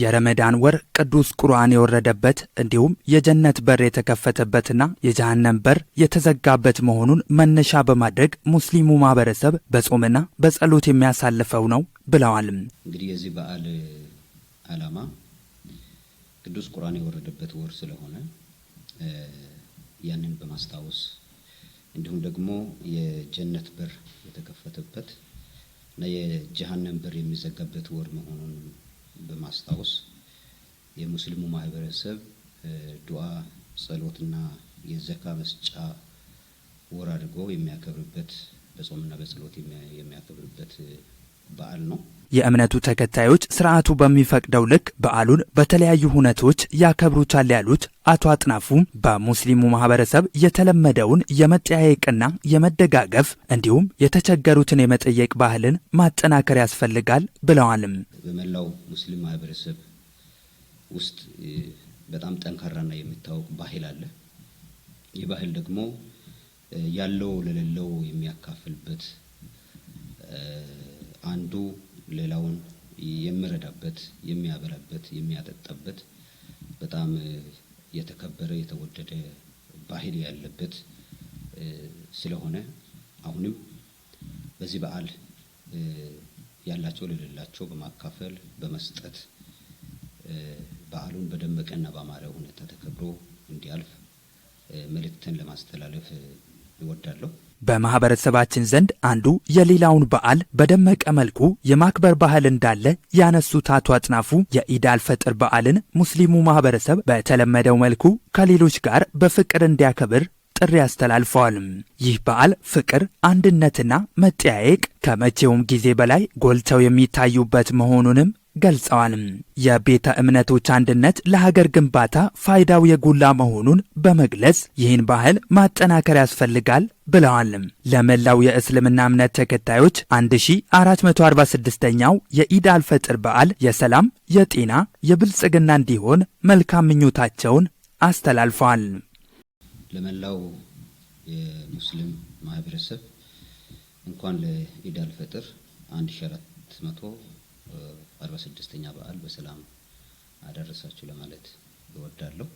የረመዳን ወር ቅዱስ ቁርአን የወረደበት እንዲሁም የጀነት በር የተከፈተበትና የጀሃነም በር የተዘጋበት መሆኑን መነሻ በማድረግ ሙስሊሙ ማህበረሰብ በጾምና በጸሎት የሚያሳልፈው ነው ብለዋል። እንግዲህ የዚህ በዓል ዓላማ ቅዱስ ቁርአን የወረደበት ወር ስለሆነ ያንን በማስታወስ እንዲሁም ደግሞ የጀነት በር የተከፈተበት እና የጀሃነም በር የሚዘጋበት ወር መሆኑን ማስታወስ የሙስሊሙ ማህበረሰብ ዱዓ ጸሎትና የዘካ መስጫ ወር አድርጎ የሚያከብርበት በጾምና በጸሎት የሚያከብርበት በዓል ነው። የእምነቱ ተከታዮች ስርዓቱ በሚፈቅደው ልክ በዓሉን በተለያዩ ሁነቶች ያከብሩታል ያሉት አቶ አጥናፉ በሙስሊሙ ማህበረሰብ የተለመደውን የመጠያየቅና የመደጋገፍ እንዲሁም የተቸገሩትን የመጠየቅ ባህልን ማጠናከር ያስፈልጋል ብለዋልም። በመላው ሙስሊም ማህበረሰብ ውስጥ በጣም ጠንካራና የሚታወቅ ባህል አለ። ይህ ባህል ደግሞ ያለው ለሌለው የሚያካፍልበት አንዱ ሌላውን የሚረዳበት የሚያበላበት የሚያጠጣበት በጣም የተከበረ የተወደደ ባህል ያለበት ስለሆነ አሁንም በዚህ በዓል ያላቸው ለሌላቸው በማካፈል በመስጠት በዓሉን በደመቀና በአማረ ሁኔታ ተከብሮ እንዲያልፍ መልእክትን ለማስተላለፍ ይወዳለሁ። በማህበረሰባችን ዘንድ አንዱ የሌላውን በዓል በደመቀ መልኩ የማክበር ባህል እንዳለ ያነሱት አቶ አጥናፉ የኢዳል ፈጥር በዓልን ሙስሊሙ ማህበረሰብ በተለመደው መልኩ ከሌሎች ጋር በፍቅር እንዲያከብር ጥሪ አስተላልፈዋል። ይህ በዓል ፍቅር፣ አንድነትና መጠያየቅ ከመቼውም ጊዜ በላይ ጎልተው የሚታዩበት መሆኑንም ገልጸዋል። የቤተ እምነቶች አንድነት ለሀገር ግንባታ ፋይዳው የጎላ መሆኑን በመግለጽ ይህን ባህል ማጠናከር ያስፈልጋል ብለዋል። ለመላው የእስልምና እምነት ተከታዮች 1446ኛው የኢድ አልፈጥር በዓል የሰላም፣ የጤና፣ የብልጽግና እንዲሆን መልካም ምኞታቸውን አስተላልፈዋል። ለመላው የሙስሊም ማህበረሰብ እንኳን ለኢድ አልፈጥር አርባ ስድስተኛ በዓል በሰላም አደረሳችሁ ለማለት እወዳለሁ።